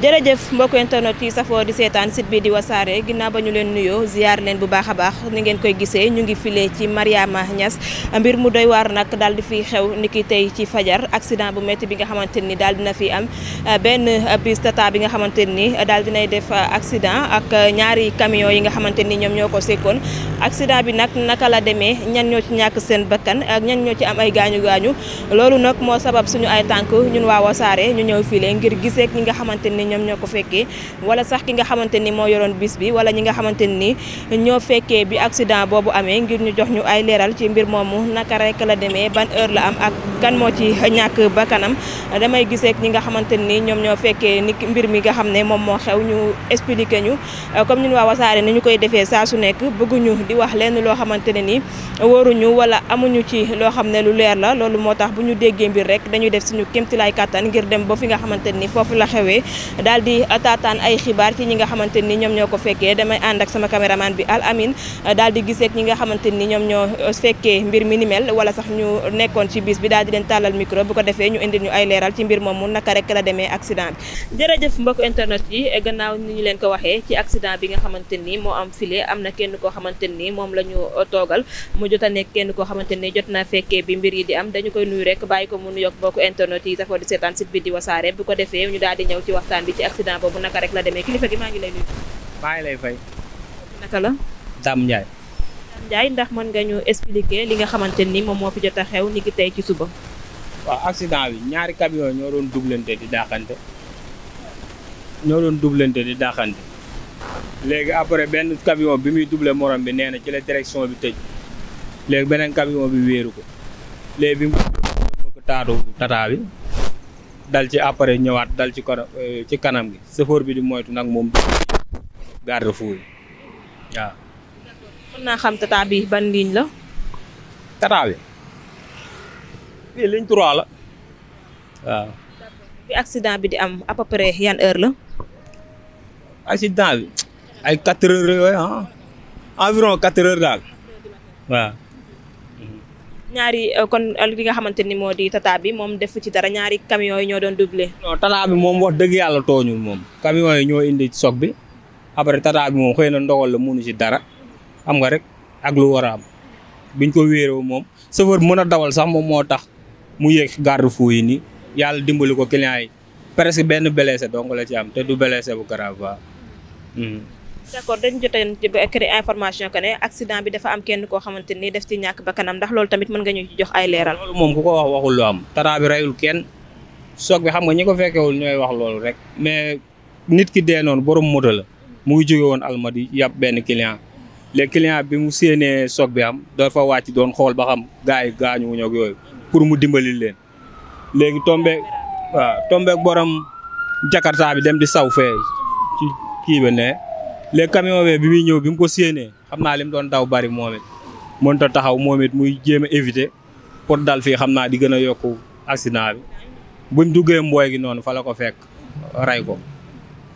jërëjëf mbokk internet yi safoo di seetaan site bi di wasaare ginnaaw ba ñu leen nuyoo ziar leen bu baax a baax ni ngeen koy gisee ñu ngi file ci Mariama Niass mbir mu doy waar nag daal di fi xew niki tey ci fajar accident bu métti bi nga xamante ni daal dina fi am benn bis tata bi nga xamante ni daal dinay def accident ak ñaari camion yi nga xamante ni ñoom ñoo ko sekkoon accident bi nag naka la demee ñan ñoo ci ñàkk seen bakkan ak ñan ñoo ci am ay gaañu gaañu loolu nag moo sabab suñu ay tànk ñu ñëw file ngir gisee ñi nga xamante ni ñoom ñoo ko fekkee wala sax ki nga xamante ni moo yoroon bis bi wala ñi nga xamante ni ñoo fekkee bi accident boobu amee ngir ñu jox ñu ay leeral ci mbir moomu naka rek la demee ban heure la am ak kan moo ci ñàkk ba kanam damay giseek ñi nga xamante ni ñoom ñoo fekkee ni mbir mi nga xam ne moom moo xew ñu expliqué ñu comme ñun waa wasaare ni ñu koy defee saa su nekk bëgguñu di wax lenn loo xamante ne ni wóoruñu wala amuñu ci loo xam ne lu leer la loolu moo tax bu ñu déggee mbir rek dañuy def suñu kémtilaay kàttan ngir dem ba fi nga xamante ni foofu la xewee daal di taataan ay xibaar ci ñi nga xamante ni ñoom ñoo ko fekkee damay ànd ak sama caméraman bi Al Amin daal di gisee ak ñi nga xamante ni ñoom ñoo fekkee mbir mi ni mel wala sax ñu nekkoon ci bis bi daal di leen tàllal micro bu ko defee ñu indil ñu ay leeral ci mbir moomu naka rek la demee accident bi. jërëjëf internet yi gannaaw ni ñu leen ko waxee ci accident bi nga xamante ni moo am file am na kenn koo xamante ni moom la ñu toogal mu jot a nekk koo xamante ni jot naa fekkee bi mbir di am dañu koy nuyu rek bàyyi ko mu nuyoog mbokk internet yi safoo ko defee ñu daal di ñëw ci waxtaan bi ci accident boobu naka rek la demee kilifa gi maa ngi lay nuyu. maa ngi lay fay. naka la. Dame Ndiaye. Dame Ndiaye ndax mën nga ñu expliquer li nga xamante ni moom moo fi jot a xew ni ki tey ci suba. waaw accident bi ñaari camion ñoo doon doublante di daaxante ñoo doon doublante di daaxante léegi après benn camion bi muy double morom bi nee na ci la direction bi tëj léegi beneen camion bi wéeru ko léegi bi mu taatu tata bi. dal ci après ñëwaat dal ci kanam euh, ci kanam gi sëfoor bi di moytu nag moom garde fou yi waaw. mën naa xam tata bi ban ligne la. tata bi fii ligne la waaw. bi accident bi di am à peu près yan heure la. accident bi ay 4 heures ah. environ 4 heures daal waaw. ñaari euh, kon euh, li nga xamante ni moo di tata bi moom def ci dara ñaari camion yi ñoo doon doublé. non tata bi moom wax dëgg yàlla tooñul moom camion yi ñoo indi soog bi après tata bi moom xëy na ndogal la mënu ci dara xam nga rek ak lu war a am biñ ko wéeroo moom chauffeur mën a dawal sax moom moo tax mu yéeg garde-fou yi nii yàlla dimbali ko client yi presque benn blessé donc la ci am te du blessé bu grave waaw. Hmm. d'accord dañ joteen créé information que ne accident bi dafa am kenn koo xamante ni def ci ñàkk ba bakkanam ndax loolu tamit mën nga ñu jox ay leeral loolu moom ku ko wax waxul lu am taraa bi reyul kenn soog bi xam nga ñi ko fekkewul ñooy wax loolu rek mais nit ki dee noonu borom moto la mu ngi jóge woon almadi yàpp benn client les client bi mu séenee soog bi am dafa wàcc doon xool ba xam gars yi gaañu wuñu yooyu pour mu dimbali leen léegi tombe waaw tombe borom jakarta bi dem di saw fee léegi camion bi muy ñëw bi mu ko séenee xam naa li doon daw bari moom it mënut taxaw moom muy jéem a éviter pour dal fii xam naa di gën a yokk accident bi buñ duggee mbooy gi noonu fala ko fekk rey ko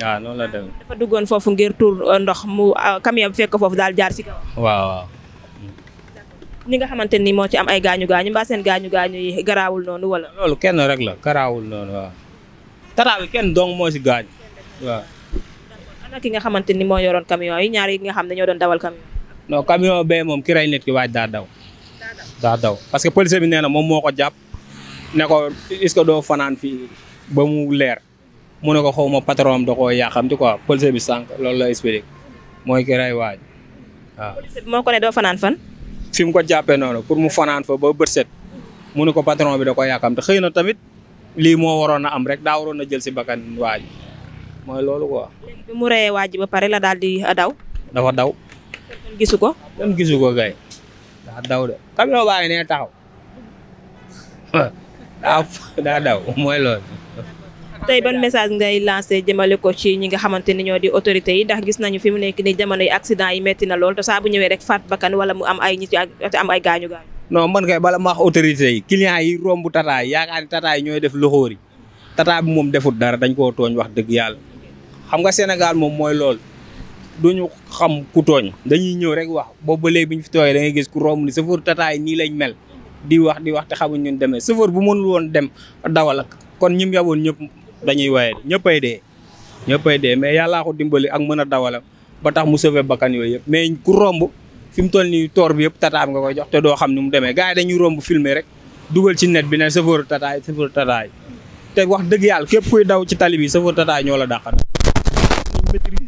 waaw noonu la demee. dafa duggoon foofu ngir tuur uh, ndox mu uh, camion bi fekk foofu daal jaar si kaw. waaw waaw. nga xamante ni moo ci am ay gaañu gaañu mbaa seen gaañu gaañu yi garaawul noonu wala. loolu kenn rek la noonu waaw. tata kenn dong moo si gaañ ana ki nga xamante ni moo yoroon camion yi ñaar yi nga xam ne ñoo doon dawal camion. non camion bee moom ki rey nit ki waaj daa daw. parce que policier bi nee na moom moo ko jàpp ne ko est fanaan fii ba mu leer mu ne ko xaw ma patron am da koo yàqamti quoi policier bi sànq loolu la expliqué mooy ki rey moo ko ne doo fanaan fan. fi mu ko jàppee noonu pour mu fanaan fa ba bët set mu ne ko patron bi da koo yàqamti xëy na tamit lii moo waroon a am rek daa waroon a jël si bakkan waaj. mooy loolu ko léegi mu reyee waa ji ba pare la daal di ah, daw. dafa daw. gisu ko. gisu ko kay. daa daw de camion baa ngi nee mooy loolu. tey ban message ngay lancé jëmale ko ci ñi nga xamante ni ñoo di autorité yi ndax gis nañu fi mu nekk ni jamono yi accident yi metti na lool te saa bu ñëwee rek faat bakkan wala mu am ay nit te am ay gaañu gaañu. non man kay bala ma autorité yi client yi romb tataay yaakaar ni tataay ñooy def loxoori tataay bi moom defut dara dañ koo tooñ wax dëgg yàlla. xam nga Sénégal moom mooy lool loolu ñu xam ku tooñ dañuy ñëw rek wax boobu ba bi ñu fi tooyee da ngay gis ku romb ni chauffeur tataay nii lañ mel di wax di wax te xamuñ ñun demee chauffeur bu mënul woon dem dawal ak kon ñim yaboon ñëpp dañuy waaye ñëppay dee ñëppay dee mais yàllaa ko dimbali ak mën a dawala ba tax mu sauver bakkan yooyu yëpp mais ku romb fi mu toll nii toor bi yëpp tataam nga koy jox te doo xam ni mu demee gars yi dañuy romb filmer rek dugal ci net bi ne chauffeur tataay chauffeur tataay te wax dëgg yàlla képp kuy daw ci tali bi chauffeur tataay ñoo la dàqal maîtrise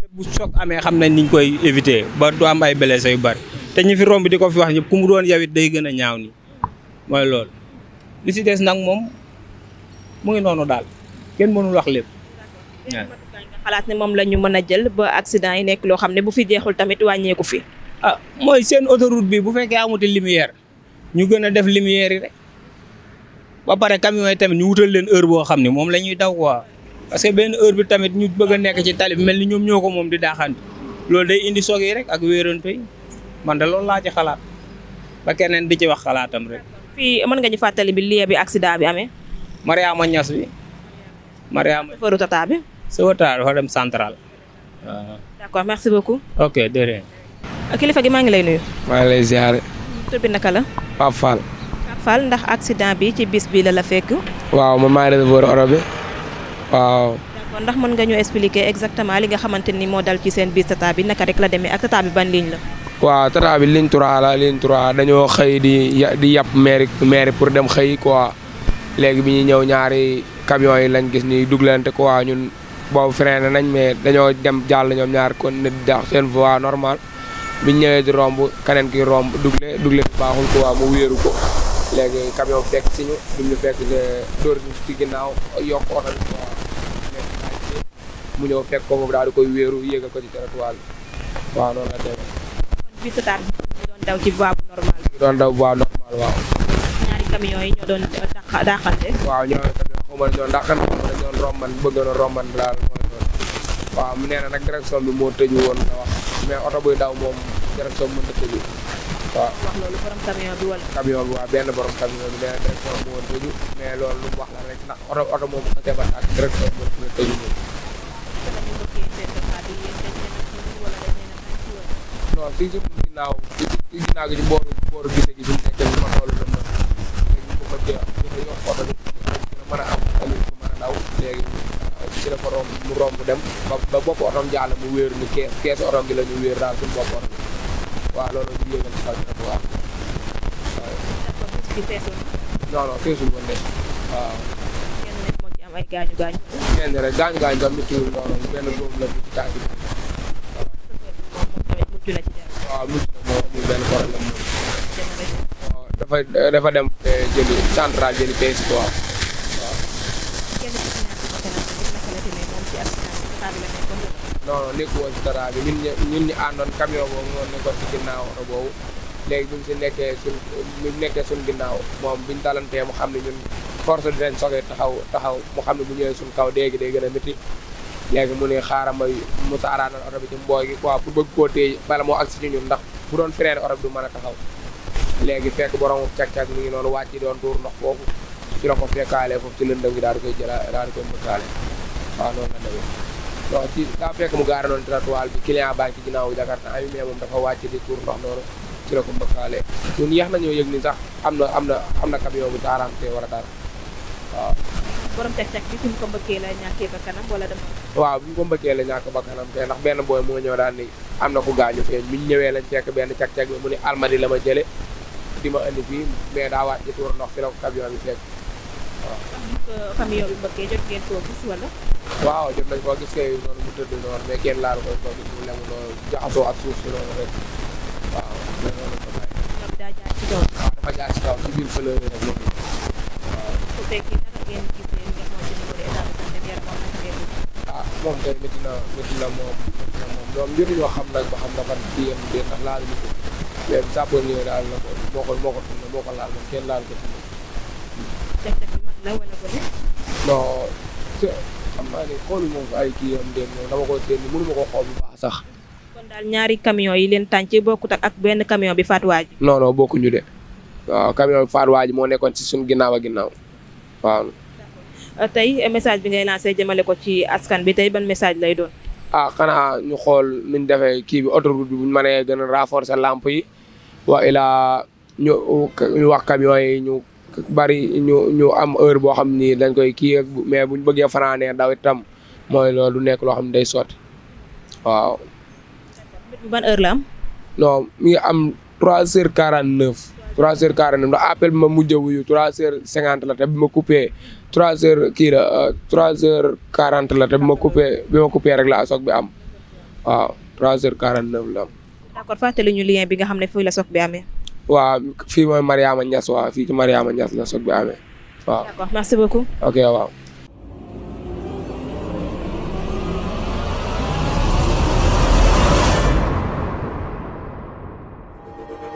te bu choc amee xam nañ niñ koy éviter ba du am ay blessé yu bari te ñi fi romb di ko fi wax ñépp ku mu doon yawit day gën a ñaaw ni mooy lool lu si des nag moom mu ngi noonu daal kenn mënul wax lépp xalaat ne moom la ñu mën a jël ba accident yi nekk loo xam ne bu fi jeexul tamit wàññeeku fi ah mooy seen autoroute bi bu fekkee amuti lumière ñu gën a def lumière yi rek ba pare camion tamit ñu wutal leen heure boo xam ne moom la ñuy daw quoi parce que benn heure bi tamit ñu bëgg nekk ci tali bi mel ni ñoom ñoo ko moom di daaxantu loolu day indi soog rek ak wéeranto yi man da laa ci xalaat ba keneen di ci wax xalaatam rek. fii mën nga ñu fàttali bi lii bi accident bi amee. Mariama Niass bi. Mariama Fëru Tata bi. Sëwa dem central. waaw. Ah. d'accord merci de rien. Ah, kilifa gi maa ngi lay nuyu. maa ngi accident bi ci bis bi la la fekk. waaw waaw. d'accord ndax mën nga ñu expliqué exactement li nga xamante ni moo dal ci seen biir tata bi naka rek la demee ak tata bi ban ligne la. waaw tata bi ligne 3 la ligne 3 dañoo xëy di di yàpp mairie mairie pour dem xëy quoi léegi bi ñuy ñëw ñaari camions yi lañ gis ni duglante quoi ñun boobu freiné nañ mais dañoo dem jàll ñoom ñaar kon nit dax seen voie normal bi ñëwee di romb keneen ki romb dugle dugle baaxul quoi mu wéeru ko léegi camion fekk si ñu duñu fekk euh, dóor ci ginnaaw yokk mu ñëw fekk ko foofu daal koy wéeru yéegal ko ci trottoir bi waaw noonu la demee. kon bisu taat bi doon daw ci voie bu normal bi. doon daw voie normal waaw. ñaari camions yi ñoo doon dàqante. waaw ñoo xaw ma ne mu nee na nag direction bi moo tëju woon la wax mais oto buy daw moom direction bi mën na tëju. waaw wax loolu borom camion bi wala. camion bi waaw benn borom bi nee na direction bi moo tëju mais loolu lu mu wax la rek ndax oto oto moom bu ko defar ak direction bi mën na tëju moom. li ci ginnaaw ci gi ci booru booru gise gi fi mu nekk ma xool la ma léegi ko ci gën a yokk oto bi gën a mën a am a romb mu romb dem ba ba bopp otom mu wéeru ni kees kees otom bi la ñu wéer daal suñu bopp oto bi waaw loolu ñu yëgal ci xalbi rek waaw non non feesul woon de waaw am ay gaañu gaañu. kenn rek gaañu waaw mujj moo ñu benn problème moom. dafa dafa dem jëli central jëli ps si dara bi ñun ñu ñun ñu àndoon camion boobu moo nekkoon ginnaaw oto boobu léegi bi mu si nekkee suñ nekkee suñ ginnaaw moom bi ñu dalantee mu xam ne ñun force dinañ soge taxaw taxaw mu xam ne bu ñëwee suñ kaw déegi day gën a métti. léegi mu ne xaaral ma mu saaraanal oto bi ci mbooy gi quoi pour bëgg koo téye bala moo agsi ci ñun ndax bu doon freiné oto bi du mën a taxaw léegi fekk borom cag-cag mi ngi noonu wàcc doon tuur ndox foofu ci la ko fekkaalee foofu ci daal di koy jëla daal di koy mbëkkaale waaw noonu la demee non ci daa fekk mu gaara noonu trottoir bi client baa ngi ci ginnaaw bi Dakar te ami mais moom dafa wàcc di tuur ndox noonu ci la ko mbëkkaalee ñun na ñoo yëg ni sax am na am na am na camion bu taaraam te war a dara waaw borom càq-càq bi fi mu ko mbëkkee la ñàkkee ba kanam wala dama. waaw bi mu ko mbëkkee la ñàkk ba kanam te ndax benn booy moo ñëw daal ni am na ku gaañu feeñ bi ñëwee lañ fekk benn càq-càq bi mu ma jële di mais daa wàcc ci tuur ndox fi la ko camion bi fekk waaw. am camion bi mbëkkee jot ngeen koo nañ koo gis kay mu tëdd noonu mais kenn laalu koy koo gis mu lemu noonu jaxasoo ak suuf si noonu rek waaw. ñoom daa jaar ci kaw. waaw dafa moom tey Médina Médina moom Médina moom ñoom ñëpp xam nag ba xam na fan kii yem dee ndax laaluñu ko mais sapeurs yooyu daal na ko moo ko moo ko fi moo ko laal moom kenn laal ko fi moom ay kii ko seen mënu sax. ñaari camion yi leen tànc bokkut ak benn camion bi faat waa ji. bokkuñu de waaw camion faat waa moo nekkoon ci suñ ginnaaw a ginnaaw Euh, tey eh, message bi ngay lancé jëmale ko ci askan bi tey ban message lay doon. ah xanaa ñu xool nuñ defee kii bi autoroute bi buñ mënee gën a renforcer lamp yi wa ilaa ñu wax camion yi ñu bari ñu ñu am heure boo xam nii dañ koy kii mais buñ bëggee fanaanee daw itam mooy loolu du nekk loo xam ne day sotti waaw. ban heure la am. non ngi am trois heures quarante neuf. trois heures quarante neuf ndax appel bi ma mujj a wuyu trois heures cinquante la te bi ma coupé trois heures kii la euh, trois heures quarante la te bi ma coupé bi ma coupé rek la soog bi am waaw trois heures quarante neuf la am. d'accord fàttali ñu lien bi nga xam ne fii la soog bi amee. waaw fii mooy Mariama Niass waaw fii ci Mariama Niass la soog bi amee waaw. d'accord merci beaucoup. ok waaw.